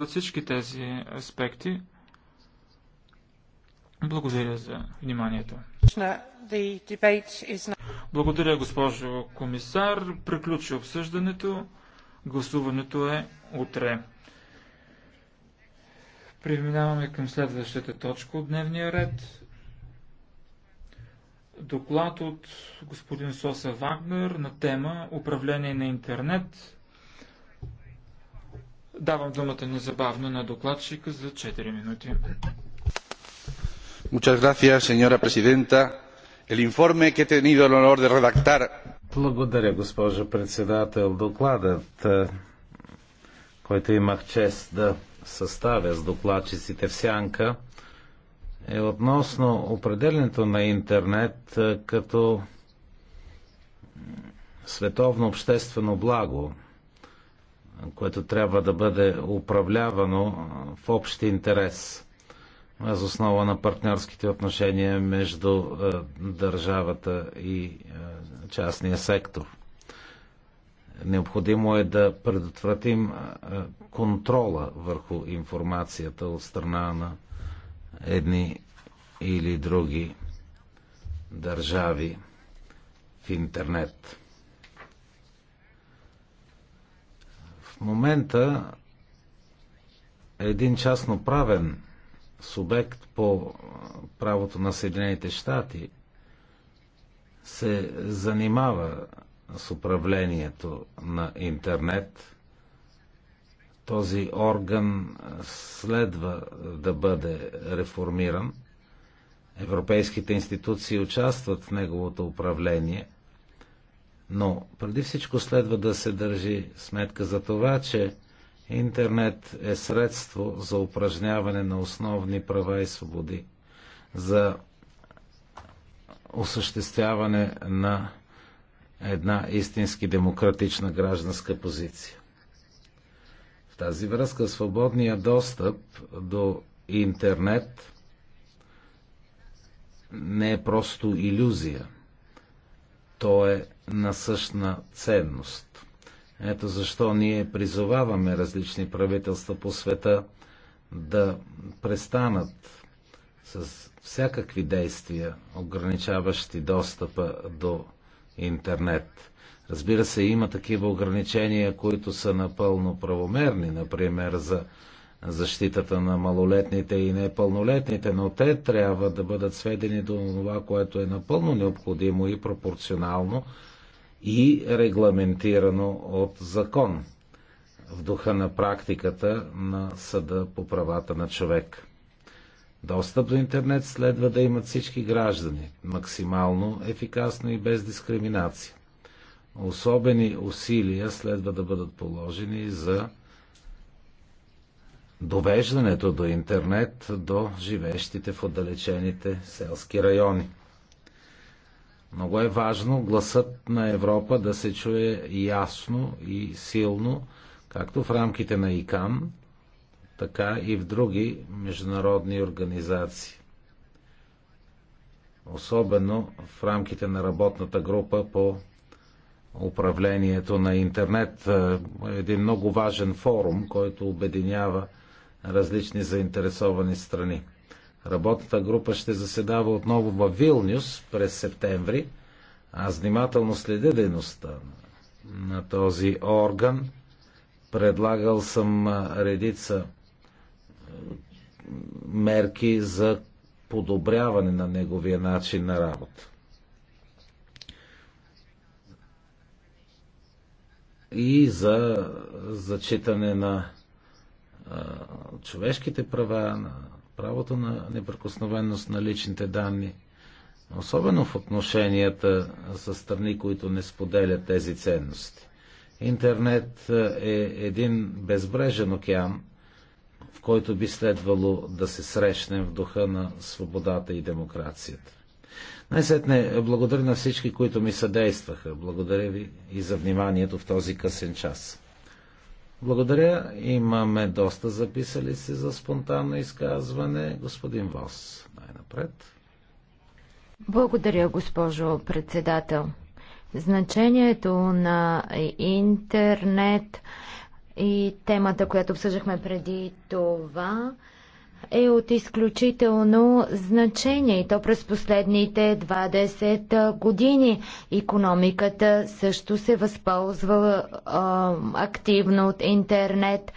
от всички тези аспекти. Благодаря за вниманието. Благодаря, госпожо комисар. Приключи обсъждането. Гласуването е утре. Преминаваме към следващата точка от дневния ред. Доклад от господин Соса Вагнер на тема Управление на интернет Давам думата незабавно на докладчика за 4 минути. Muchas gracias, señora presidenta. El informe que he tenido el honor de redactar. Благодаря, госпожо председател. Докладът, е, който имах чест да съставя с докладчиците в Сянка, е относно определенето на интернет е, като световно обществено благо, което трябва да бъде управлявано в общ интерес въз основа на партньорските отношения между държавата и частния сектор. Необходимо е да предотвратим контрола върху информацията от страна на едни или други държави в интернет. В момента един частно правен субект по правото на Съединените щати се занимава с управлението на интернет – този орган следва да бъде реформиран. Европейските институции участват в неговото управление. Но преди всичко следва да се държи сметка за това, че интернет е средство за упражняване на основни права и свободи, за осъществяване на една истински демократична гражданска позиция. В тази връзка свободния достъп до интернет не е просто иллюзия. То е на същна ценност. Ето защо ние призоваваме различни правителства по света да престанат с всякакви действия, ограничаващи достъпа до интернет. Разбира се, има такива ограничения, които са напълно правомерни, например за защитата на малолетните и непълнолетните, но те трябва да бъдат сведени до това, което е напълно необходимо и пропорционално и регламентирано от закон в духа на практиката на Съда по правата на човек. Достъп до интернет следва да имат всички граждани, максимално ефикасно и без дискриминация. Особени усилия следва да бъдат положени за довеждането до интернет до живещите в отдалечените селски райони. Много е важно гласът на Европа да се чуе ясно и силно, както в рамките на ИКАН, така и в други международни организации. Особено в рамките на работната група по управлението на интернет. Е, един много важен форум, който обединява различни заинтересовани страни. Работната група ще заседава отново в Вилнюс през септември. Аз внимателно следя дейността на този орган. Предлагал съм редица мерки за подобряване на неговия начин на работа. И за зачитане на човешките права, на правото на непрекосновеност на личните данни, особено в отношенията с страни, които не споделят тези ценности. Интернет е, е един безбрежен океан, в който би следвало да се срещнем в духа на свободата и демокрацията. Най-сетне, благодаря на всички, които ми съдействаха. Благодаря ви и за вниманието в този късен час. Благодаря. Имаме доста записали се за спонтанно изказване. Господин Вос, най-напред. Благодаря, госпожо председател. Значението на интернет и темата, която обсъждахме преди това, е от изключително значение и то през последните 20 години. Економиката също се възползва а, активно от интернет.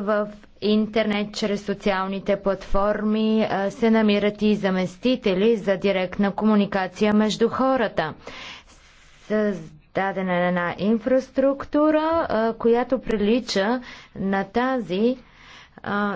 В интернет чрез социалните платформи а, се намират и заместители за директна комуникация между хората. С дадена е една инфраструктура, която прилича на тази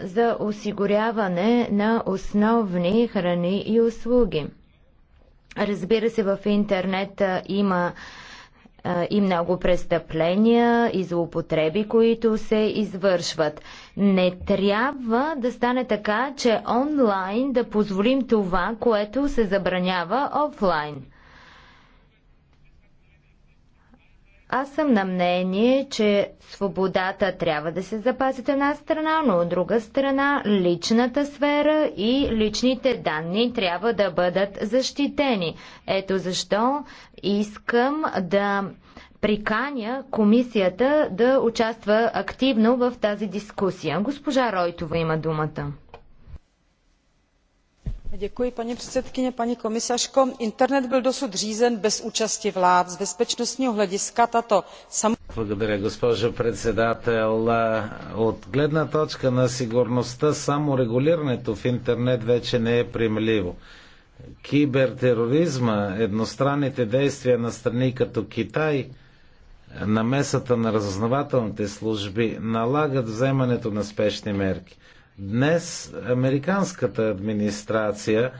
за осигуряване на основни храни и услуги. Разбира се, в интернет има и много престъпления и злоупотреби, които се извършват. Не трябва да стане така, че онлайн да позволим това, което се забранява офлайн. Аз съм на мнение, че свободата трябва да се запази от една страна, но от друга страна личната сфера и личните данни трябва да бъдат защитени. Ето защо искам да приканя комисията да участва активно в тази дискусия. Госпожа Ройтова има думата paní předsedající paní komisařko internet byl dosud řízen bez účasti vlád. z bezpečnostního hlediska tato samozřejmě. Е Кибертероризма, едностранните действия на страни като Китай, намесата на разузнавателните служби налагат вземането на спешни мерки. Днес американската администрация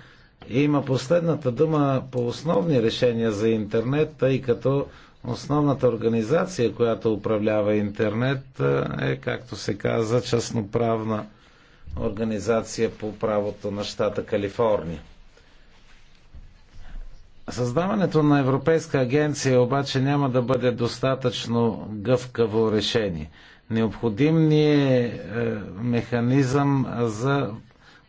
има последната дума по основни решения за интернет, тъй като основната организация, която управлява интернет е, както се каза, частноправна организация по правото на щата Калифорния. Създаването на Европейска агенция обаче няма да бъде достатъчно гъвкаво решение – Необходим ни е, е механизъм за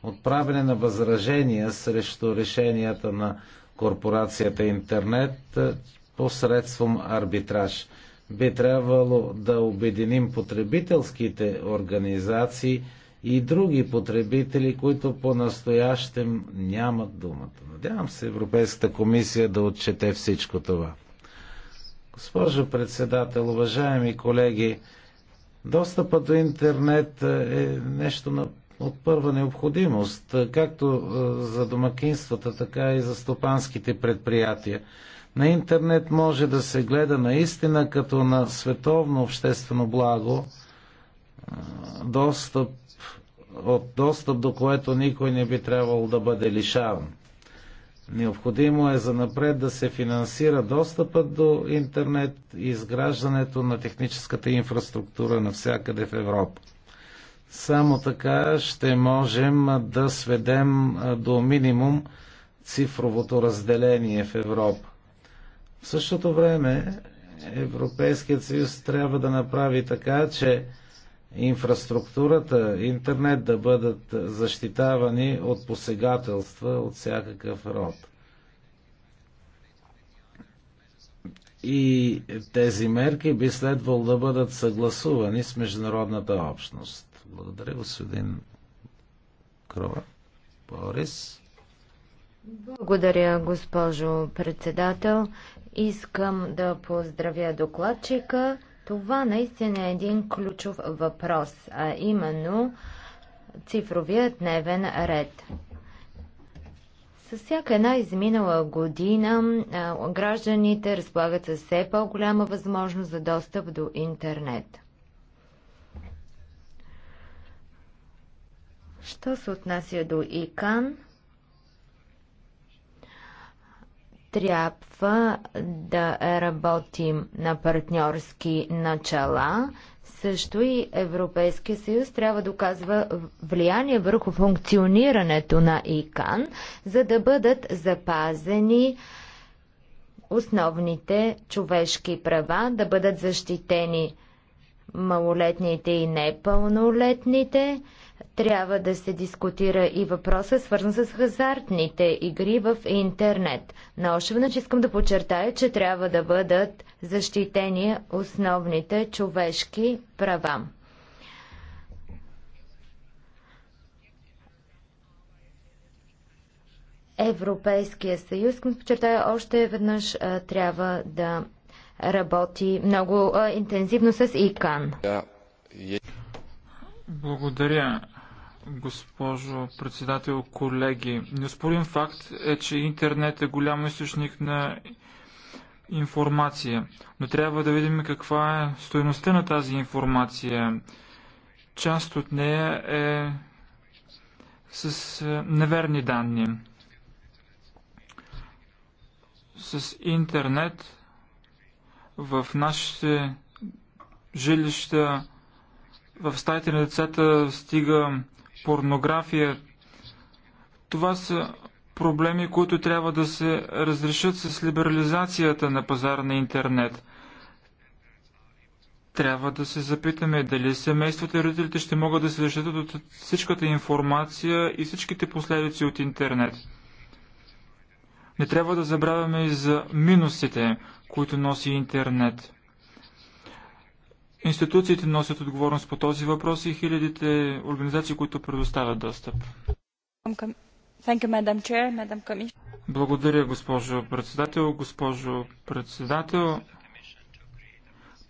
отправяне на възражения срещу решенията на корпорацията интернет е, посредством арбитраж. Би трябвало да обединим потребителските организации и други потребители, които по-настоящем нямат думата. Надявам се Европейската комисия да отчете всичко това. Госпожо председател, уважаеми колеги, Достъпът до интернет е, е нещо на от първа необходимост, е, както е, за домакинствата, така и за стопанските предприятия. На интернет може да се гледа наистина като на световно обществено благо, достъп, от достъп до което никой не би трябвало да бъде лишаван. Необходимо е за напред да се финансира достъпът до интернет и изграждането на техническата инфраструктура навсякъде в Европа. Само така ще можем да сведем до минимум цифровото разделение в Европа. В същото време Европейският съюз трябва да направи така, че инфраструктурата, интернет да бъдат защитавани от посегателства от всякакъв род. И тези мерки би следвало да бъдат съгласувани с международната общност. Благодаря, господин Крова. Борис. Благодаря, госпожо председател. Искам да поздравя докладчика. Това наистина е един ключов въпрос, а именно цифровият дневен ред. С всяка една изминала година гражданите разполагат с все по-голяма възможност за достъп до интернет. Що се отнася до ИКАН, Трябва да работим на партньорски начала. Също и Европейския съюз трябва да оказва влияние върху функционирането на ИКАН, за да бъдат запазени основните човешки права, да бъдат защитени малолетните и непълнолетните, трябва да се дискутира и въпроса, свързан с хазартните игри в интернет. Но още веднъж искам да подчертая, че трябва да бъдат защитени основните човешки права. Европейския съюз, към подчертая още веднъж, трябва да работи много интензивно с ИКАН. Е- благодаря, госпожо председател, колеги. Неоспорим факт е, че интернет е голям източник на информация, но трябва да видим каква е стоеността на тази информация. Част от нея е с е, неверни данни. С интернет в нашите жилища в стаите на децата стига порнография. Това са проблеми, които трябва да се разрешат с либерализацията на пазара на интернет. Трябва да се запитаме дали семействата и родителите ще могат да се защитат от всичката информация и всичките последици от интернет. Не трябва да забравяме и за минусите, които носи интернет. Институциите носят отговорност по този въпрос и хилядите организации, които предоставят достъп. Благодаря, госпожо председател. Госпожо председател,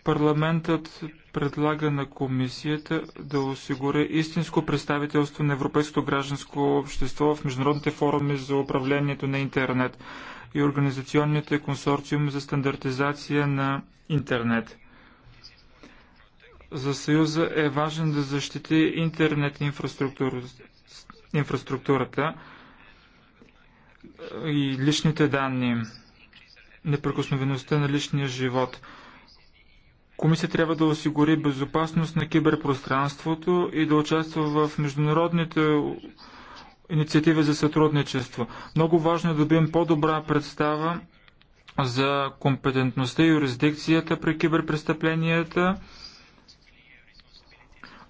парламентът предлага на комисията да осигури истинско представителство на европейското гражданско общество в международните форуми за управлението на интернет и организационните консорциуми за стандартизация на интернет за Съюза е важен да защити интернет инфраструктурата, и личните данни, неприкосновеността на личния живот. Комисия трябва да осигури безопасност на киберпространството и да участва в международните инициативи за сътрудничество. Много важно е да добием по-добра представа за компетентността и юрисдикцията при киберпрестъпленията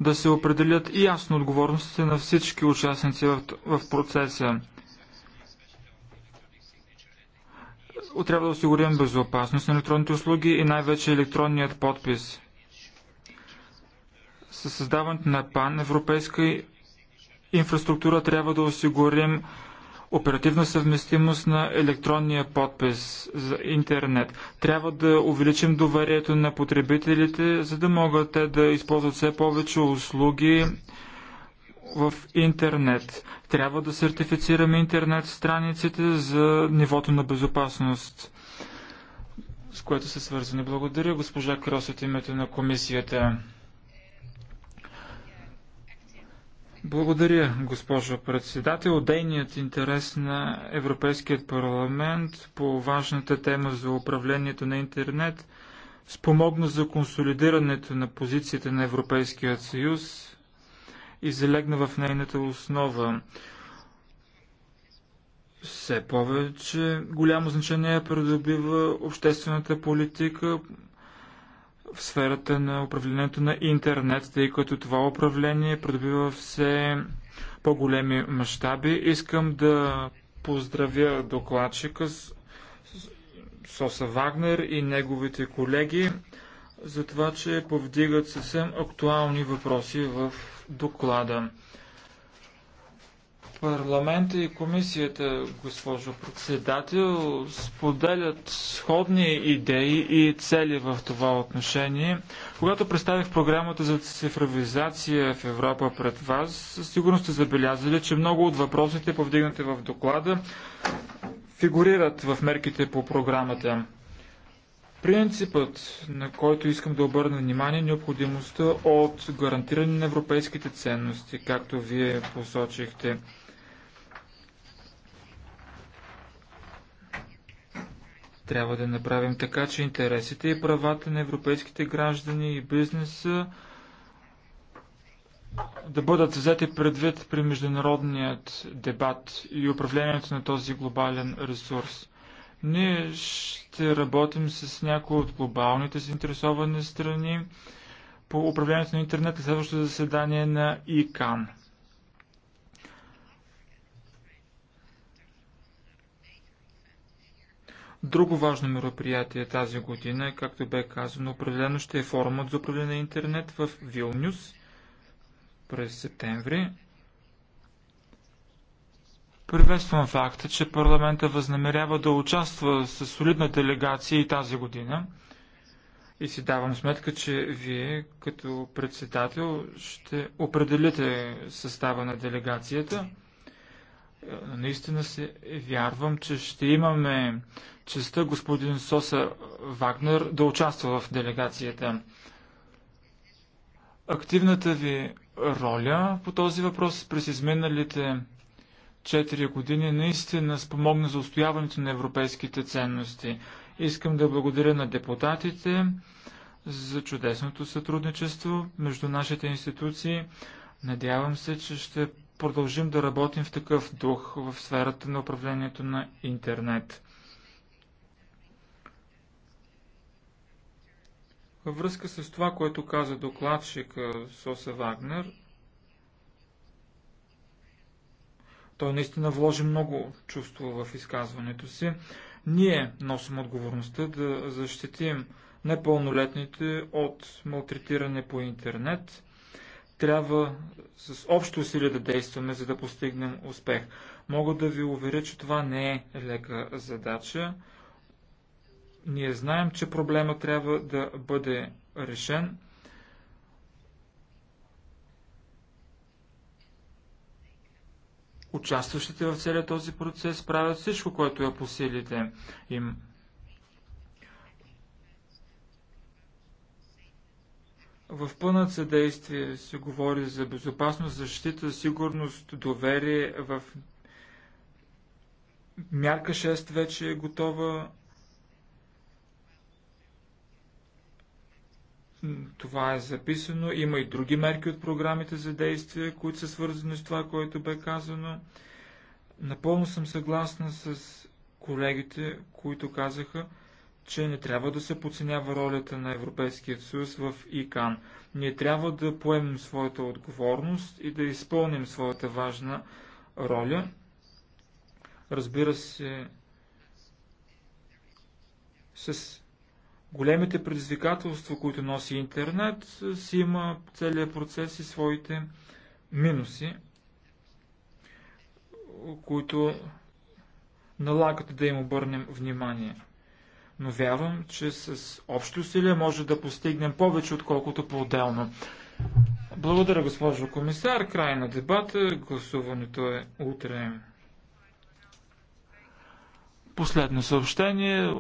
да се определят и ясно отговорностите на всички участници в, в процеса. Трябва да осигурим безопасност на електронните услуги и най-вече електронният подпис. Със създаването на пан-европейска инфраструктура трябва да осигурим оперативна съвместимост на електронния подпис за интернет. Трябва да увеличим доверието на потребителите, за да могат те да използват все повече услуги в интернет. Трябва да сертифицираме интернет страниците за нивото на безопасност, с което са свързани. Благодаря госпожа Крос от името на комисията. Благодаря, госпожо председател. Дейният интерес на Европейският парламент по важната тема за управлението на интернет спомогна за консолидирането на позицията на Европейския съюз и залегна в нейната основа. Все повече голямо значение придобива обществената политика в сферата на управлението на интернет, тъй като това управление придобива все по-големи мащаби. Искам да поздравя докладчика Соса Вагнер и неговите колеги за това, че повдигат съвсем актуални въпроси в доклада. Парламента и комисията, госпожо председател, споделят сходни идеи и цели в това отношение. Когато представих програмата за цифровизация в Европа пред вас, със сигурност сте забелязали, че много от въпросите, повдигнати в доклада, фигурират в мерките по програмата. Принципът, на който искам да обърна внимание, е необходимостта от гарантиране на европейските ценности, както вие посочихте. Трябва да направим така, че интересите и правата на европейските граждани и бизнеса да бъдат взети предвид при международният дебат и управлението на този глобален ресурс. Ние ще работим с някои от глобалните заинтересовани страни по управлението на интернет и следващото заседание на ИКАН. Друго важно мероприятие тази година, както бе казано, определено ще е форумът за управление на интернет в Вилнюс през септември. Приветствам факта, че парламента възнамерява да участва с солидна делегация и тази година. И си давам сметка, че вие като председател ще определите състава на делегацията наистина се вярвам, че ще имаме честа господин Соса Вагнер да участва в делегацията. Активната ви роля по този въпрос през изминалите 4 години наистина спомогна за устояването на европейските ценности. Искам да благодаря на депутатите за чудесното сътрудничество между нашите институции. Надявам се, че ще продължим да работим в такъв дух в сферата на управлението на интернет. Във връзка с това, което каза докладчик Соса Вагнер, той наистина вложи много чувство в изказването си. Ние носим отговорността да защитим непълнолетните от малтретиране по интернет – трябва с общо усилие да действаме, за да постигнем успех. Мога да ви уверя, че това не е лека задача. Ние знаем, че проблема трябва да бъде решен. Участващите в целия този процес правят всичко, което е по силите им. В пълнат съдействие се говори за безопасност, защита, сигурност, доверие. В мярка 6 вече е готова. Това е записано. Има и други мерки от програмите за действие, които са свързани с това, което бе казано. Напълно съм съгласна с колегите, които казаха, че не трябва да се подценява ролята на Европейския съюз в ИКАН. Ние трябва да поемем своята отговорност и да изпълним своята важна роля. Разбира се, с големите предизвикателства, които носи интернет, си има целият процес и своите минуси, които налагат да им обърнем внимание но вярвам, че с общи усилия може да постигнем повече, отколкото по-отделно. Благодаря, госпожо комисар. Край на дебата. Гласуването е утре. Последно съобщение.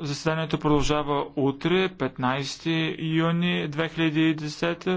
Заседанието продължава утре, 15 юни 2010.